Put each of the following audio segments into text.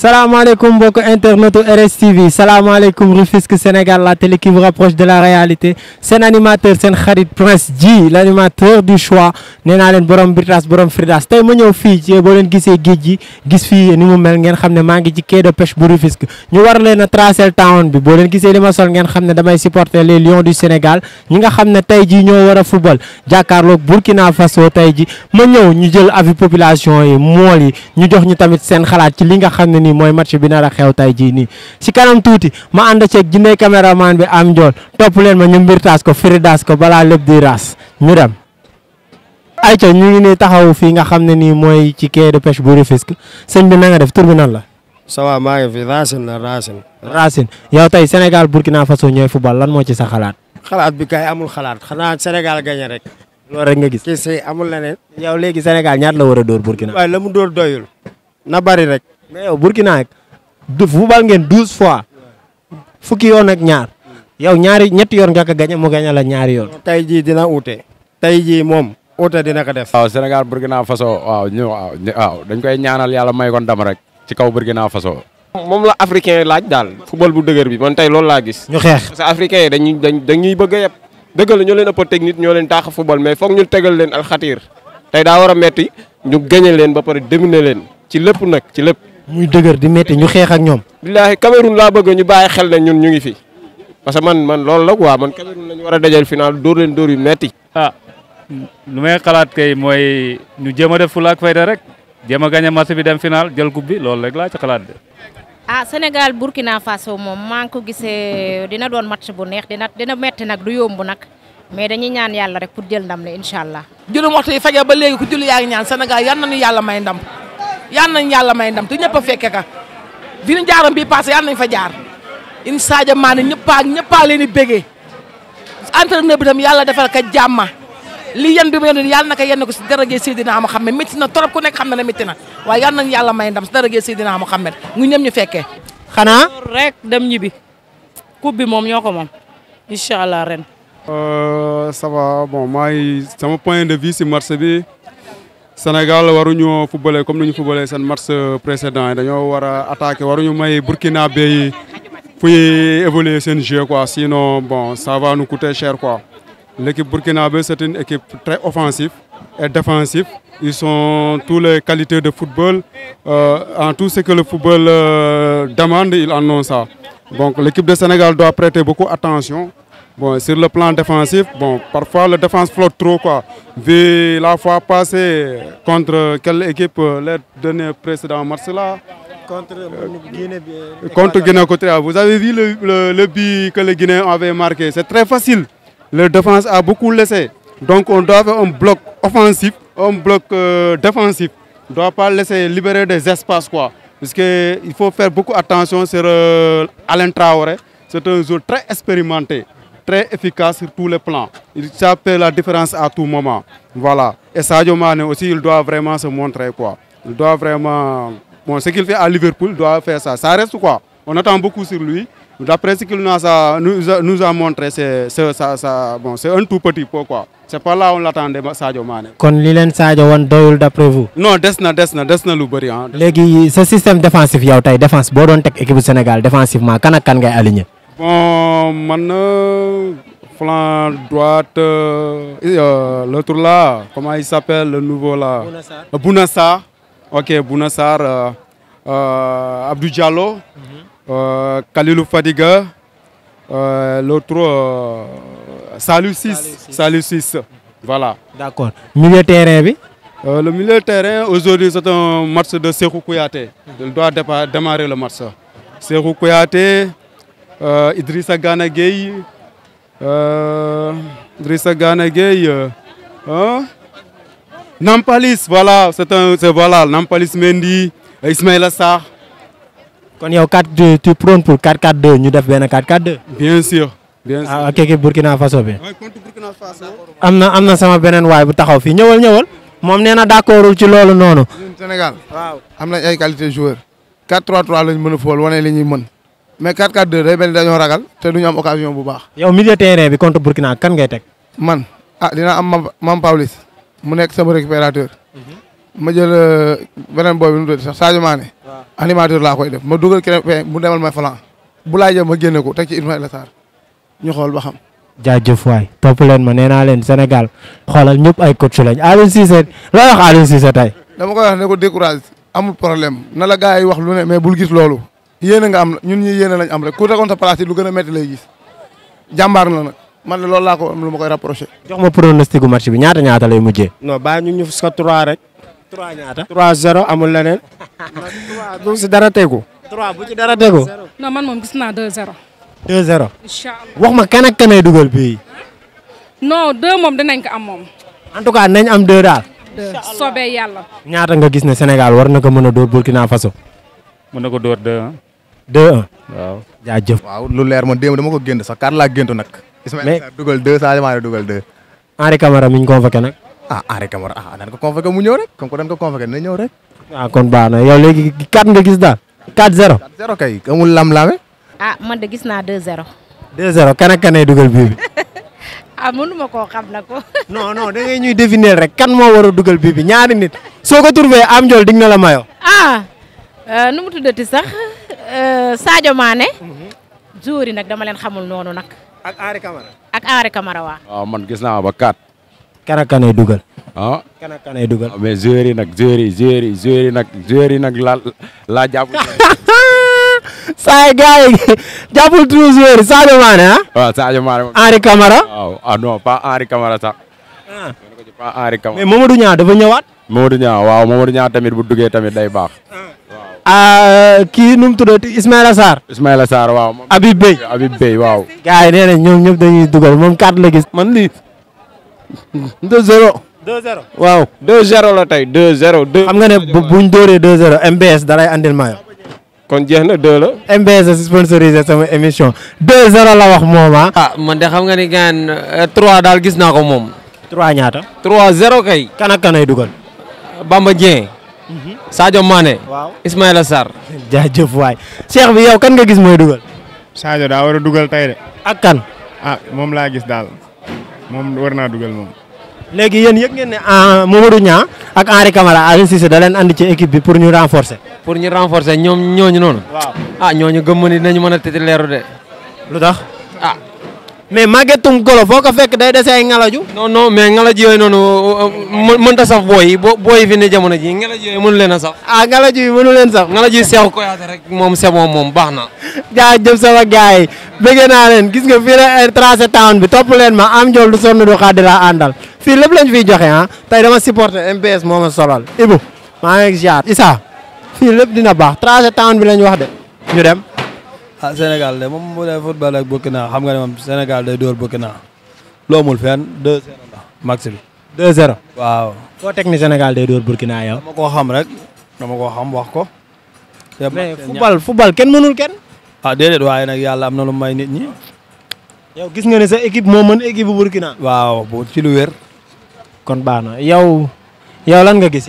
salaamaaleykum mbokk internetu RSTV salaamaaleykum Rufisque Sénégal la télé qui vous rapproche de la réalité seen animateur seen xarit Prince Ji l' animateur du choix nee naa leen borom Birtas borom Firdas tey ma ñëw fii ci boo leen gisee géej gi gis fii ni mu mel ngeen xam ne maa ngi ci quai de pêche bu Rufisque ñu war leen a tracé town bi boo leen gisee li sol ngeen xam ne damay supporter les Lions du Sénégal ñi nga xam ne tey jii ñoo war a football jàkkaarloog Burkina Faso tey ji ma ñëw ñu jël avis population yi mool yi ñu jox ñu tamit seen xalaat ci li nga xam ne nii mooy match bi nar a xew tay jii nii si tuuti ma ànd ceeg jinne caméraman bi am njool topp ma ñu mbir taas ko firi daas ko balaa lépp di raas ñu dem ayca ñu ngi nii taxaw fii nga xam ne nii mooy ci quai de pêche bu sëñ bi na nga def tur bi la ça va maa ngi fi Racine la Racine Racine yow tey Sénégal Burkina Faso ñooy football lan moo ci sa xalaat xalaat bi kay amul xalaat xanaa senegal gagné rek loolu rek nga gis. amul leneen. yow léegi Sénégal ñaata la war a dóor Burkina. waaye la mu dóor doyul. mais yow Burkina rek du football ngeen douze fois fukki yoon ak ñaar yow ñaari ñetti yoon nga ko gañe mu gañe la ñaari yoon. tey jii dina uute. tey jii moom uute dina ko def. waaw Sénégal Burkina Faso waaw ñu waaw dañ koy ñaanal yàlla may ko ndam rek ci kaw Burkina Faso. moom la africain yi laaj daal football bu dëgër bi man tey loolu laa gis. ñu xeex parce yi dañuy dañ dañuy bëgg a yeb dëgg la ñoo leen ëpp technique ñoo leen taax football mais foog ñu tegal leen alxatiir tey daa war a metti ñu gañe leen ba pare dominer leen ci lépp nag ci lépp. muy dëgër di metti ñu xeex ak ñoom. billaahi Cameroun laa bëgg ñu bàyyi xel ne ñun ñu ngi fi parce que man man loolu la quoi man Cameroun la ñu war a dajal final dóor leen dóor yu metti ah lu may xalaat kay mooy ñu jéem a def fula ak fayda rek jéem a gagné match bi dem final jël coupe bi rek laa ci xalaat de. ah Sénégal Burkina Faso moom maa ngi ko gisee dina doon match bu neex dina dina metti nag du yomb nag mais dañuy ñaan yàlla rek pour jël ndam la incha allah. juróom waxtu yi fegee ba léegi ku julli yaa ñaan Sénégal yan nañu yàlla may ndam. yal nañ yàlla may ndam te ñëpp a fekke ka fi ñu jaaram bii passé yal nañ fa jaar in Sadio Mané ñëppaa ñëppaa leen di bégee entraîneur bi tam yàlla defal ka jàmma lii yen bi ma yónnee yàlla na ko yenn ko si darajee Seydina Muhammad métti na trop ku nekk xam na ne métti na waaye yal nañ yàlla may ndam si darajee Seydina Muhammad ñu ñëm ñu fekkee xanaa rek dem ñibbi coupe bi moom ñoo ko moom incha allah ren euh, ça va bon maay sama point de vue si bi Sénégal waruñoo footballé comme ni ñu footballé seen match précédent yi dañoo war a attaqué waruñu may Burkina Bay fu ñuy évoluer seen jeu quoi sinon bon ça va nous coûter cher quoi. l' équipe Burkina Bay c' est une équipe très offensive et défensive ils sont tous les qualités de football euh, en tout ce que le football euh, demande ils en ça donc l' de Sénégal doit prêter beaucoup attention. Bon, sur le plan défensif, bon, parfois la défense flotte trop. Quoi. Vu la fois passée, contre quelle équipe euh, les derniers précédents matchs-là Contre Guinée. Euh, contre Guinée euh, -Cotéa. Vous avez les Guinéens avaient marqué. C'est très facile. La défense a beaucoup laissé. Donc on doit faire un bloc offensif, un bloc défensif. On ne doit pas laisser libérer des espaces. Quoi. Parce qu'il faut faire beaucoup attention sur euh, Alain C'est un joueur très expérimenté. très efficace sur tous les plans. Il fait la différence à tout moment. Voilà. Et Sadio Mane aussi, il doit vraiment se montrer quoi. Il doit vraiment... Bon, ce qu'il fait à Liverpool, il doit faire ça. Ça reste quoi On attend beaucoup sur lui. D'après ce qu'il nous a, nous a montré, c'est bon, un tout petit peu quoi. pas là on l'attendait Sadio Mané. kon li leen Sadio woon doyul d'après vous. non des na des na lu bëri ah. léegi sa système défensif yow tey défense boo doon teg bon man flanc droite euh, euh, l'autre là comment il s'appelle le nouveau là. Bouna euh, mhm. l'autre Salou Ciss voilà. d'accord milieu terrain bi. le milieu de terrain, aujourd'hui, c'est un de Sekou Kouyaté. Il doit démarrer le match. Sekou Kouyaté, Euh, Idrissa Gana Gueye euh, Idrissa Gana Gueye euh, Nampalis voilà c'est un c'est voilà Nampalis Mendy Ismaïla Sarr. kon yow 4 tu prônes pour 4-4-2 ñu def benn 4-4-2. bien sûr. bien ah, sûr ah képp Burkina Faso bi. am na am na sama beneen waay bu taxaw fii ñëwal ñëwal. moom nee na d'accordul ci loolu noonu. Sénégal waaw am nañ ay qualité joueur 4-3-3 lañ mën a ñuy mën. mais 4-4-2 day mel dañoo ragal te du ñu am occasion bu baax. yow milieu terrain bi contre Burkina kan ngay teg. man ah dina am mam Pawlish mu nekk sama récupérateur. Mhm. ma jël euh, beneen boobu nu mu tudd sax Sadio animateur laa koy def ma dugal keneen mu demal ma flan bu laay jëm ma génne ko teg ci Ismaïla Sarr ñu xool ba xam. jaajëf waay topp leen ma nee naa leen Sénégal xoolal ñëpp ay coach lañ Aliou Cissé loo wax Aliou Cissé dama koy wax ne ko décourage problème na la gars yi wax lu ne mais bul gis loolu. yéene nga am ñun ñi yéene lañ am rek ku tegoon sa place lu gën a métti lay gis jàmbaar la nag man de loolu laa ko am lu ma koy rapproché. jox ma pronostic gu match bi ñaata ñaata lay mujjee. non baa ñu ñu sa 3 rek. ñaata. 3 0 amul leneen. 3 si dara tegu. 3 bu ci dara tegu. non man moom gis naa 2 0. 2 0. wax ma kan ak kanay dugal bi non 2 moom dinañ ko am moom. en tout cas nañ am 2 daal. soobee yàlla. ñaata nga gis ne Sénégal war na ko mën a dóor Burkina Faso. mën na ko dóor 2 2-1. waaw jaajëf. waaw lu leer man démb dama ko gént sax kàr laa géntu nag. Ismaïla Sarr dugal 2 Sadio Mané dugal 2. Henri Camara mi ñu convoqué nag. ah Henri Camara ah daan ko convoqué mu ñëw rek comme que daan ko convoqué dina ñëw rek. waaw ah, kon baax na yow léegi 4 nga gis daal. 4-0 4-0 kay amul lam-lame. ah man de gis naa 2-0. 2-0 kan ak kanay dugal bii bi. ah mënuma koo xam na ko. non non da ngay ñuy définir rek kan moo war a dugal bii bi ñaari nit. soo ko trouvé am jol dig na la mayo. ah euh, nu mu tuddati sax. Euh, Sadio maane mhm. joueurs yi nag dama leen xamul noonu nag. ak Henri Camara. waa. man gis naa ba kat. kan ak kanay dugal. ah kan ak kanay dugal. Ah, mais joueurs yi nag joueurs yi yi nag joueurs yi nag laa laa jàpp. saa yi gars yi jàppul tous waaw Sadio Mané. Henri ah? ah, sax. ah pas Henri Camara. dafa ñëwaat. Mamadou Niang waaw tamit bu duggee tamit day baax. Ah, kii nu mu tuddati Ismaïla Sarr. Ismaïla Sarr waaw. Habib Beye Habib Beye waaw. gars yi nee ñoom ñëpp dañuy dugal moom kaat la gis. man lii 2-0. waaw 2-0 la tey 2-0. 2 xam nga ne buñ dóoree 2-0 MBS dalay andil kon jeex na 2 la. MBS a sponsorisé sama émission 2-0 la wax moom ah. ah. man de xam nga ni gaan 3 euh, daal gis naa ko moom. 3 ñaata. trois 0 kay. kan ak kanay dugal. Bamba Dieng. Mm-hmm. Sadio Mané. waaw Ismaïla Sarr. jaajëf waay Cheikh bi yow kan nga gis mooy dugal. Sadio daa war a dugal tey de. ak kan. ah moom laa gis daal moom war naa dugal moom. léegi yéen yëg ngeen ne ah, Mamadou ñaa ak Henri Camara Aliou Cissé da leen andi ci équipe bi pour ñu renforcer. pour ñu renforcer ñoom ñooñu noonu. waaw ah ñooñu gëm ma ni dinañu de. lu mais màggetum golo foo ko fekk day dese ay ngalaju. non non mais ngalaju yooyu noonu euh, mënut a saf booy yi booy yi ne jamono jii ngalaju yooyu mënu leen a saf. ah ngalaju yi mënu leen saf. ngalaju yi seew koyaate rek moom c'est bon moom baax na. jaajëf sama gars yi bëgg naa leen gis nga fii la tracé bi topp leen ma am njool du sonn du xaar di laa àndal fii a lañ fiy joxe ah tey dama supporter moo ma solal. Ibou maa ngi ziar Issa fii lépp dina baax tracé town bi lañ wax de ñu dem. ah Sénégal de moom football Burkina xam nga ne moom Sénégal day dóor Burkina loomul fenn 2-0 la max bi. 2-0 waaw. foo teg ni Sénégal day Burkina yow. dama rek dama wax ko. mais football football kenn mënul kenn. ah déedéet waaye nag yàlla am na lu may nit ñi. yow gis nga ne sa équipe moo mën équipe bu Burkina. waaw bu ci lu wér. kon baax na lan nga gis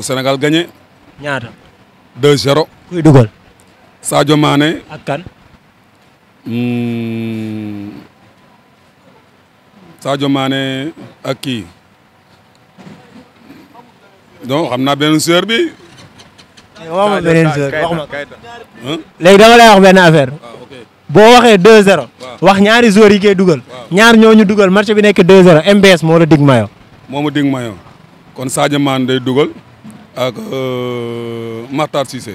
bu Sénégal gagné. ñaata. 2-0. kuy dugal. Sadio Mané. ak kan. Hmm. Sadio Mané ak kii. donc xam naa benn sœur bi. waxuma beneen sœur waxuma. léegi dama lay wax benn affaire. Ah, boo waxee 2-0. wax ñaari joueurs yi koy dugal. ñaar ñooñu dugal match bi nekk 2-0 MBS moo la mayo. moo ma mayo kon Sadio Mané day dugal. ak euh, Matar Cissé.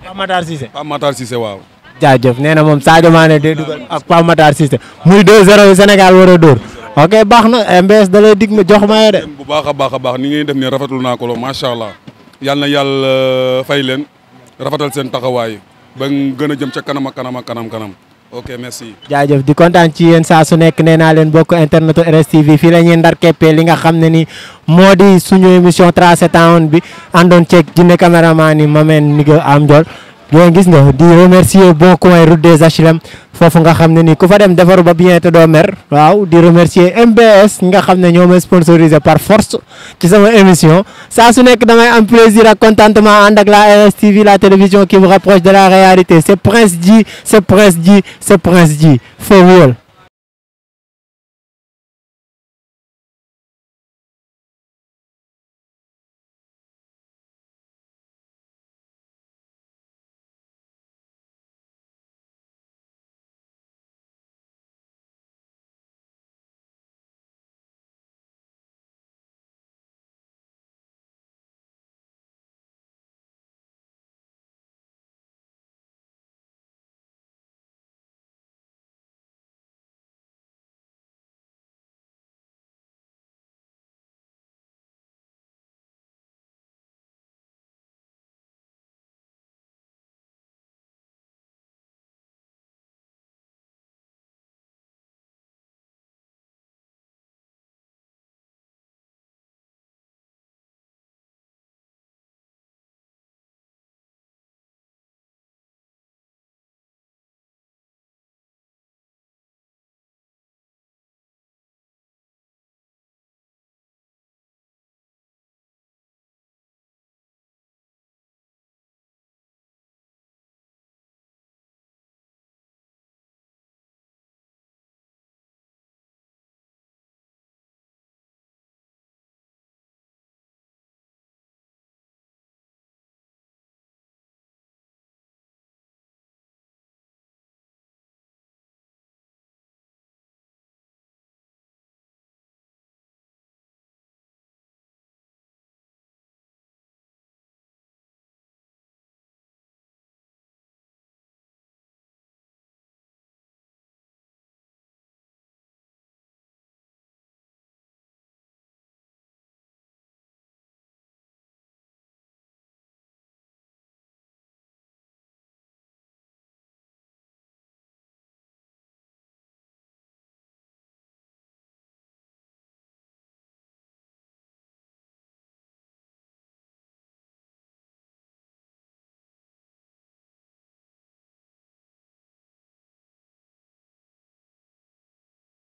Pape Matar Cissé. Pape Matar waaw. jaajëf nee na moom Sadio Mané day dugal ak Pape Matar Cissé muy 2-0 Sénégal war a ok baax na eh, MBS da lay dig ma jox ma de. bu baax a baax a baax ni ngeen def ne rafatul na kolo lool allah yal na yàlla euh, fay leen rafetal seen taxawaay ba gën a jëm ca kanam ak kanam ak kanam kanam. ok merci. jaajëf di kontaan ci yéen saa su nekk nee naa leen bokk internetu RSTV fii la ñuy ndar li nga xam ne ni moo di suñu émission tracé town bi andoon ceeg jinne caméraman yi ma meen ni am Ndiol. bien gis nga di remercier bon coin route des HLM foofu nga xam ne ni ku fa dem defaru ba bien te doo mer waaw di remercier MBS nga xam ne ñoo ma sponsorisé par force ci sama émission saa su nekk damay en plaisir ak contentement ànd ak la RSTV la télévision qui vous rapproche de la réalité c'est Prince Dji c'est Prince Dji c'est Prince Dji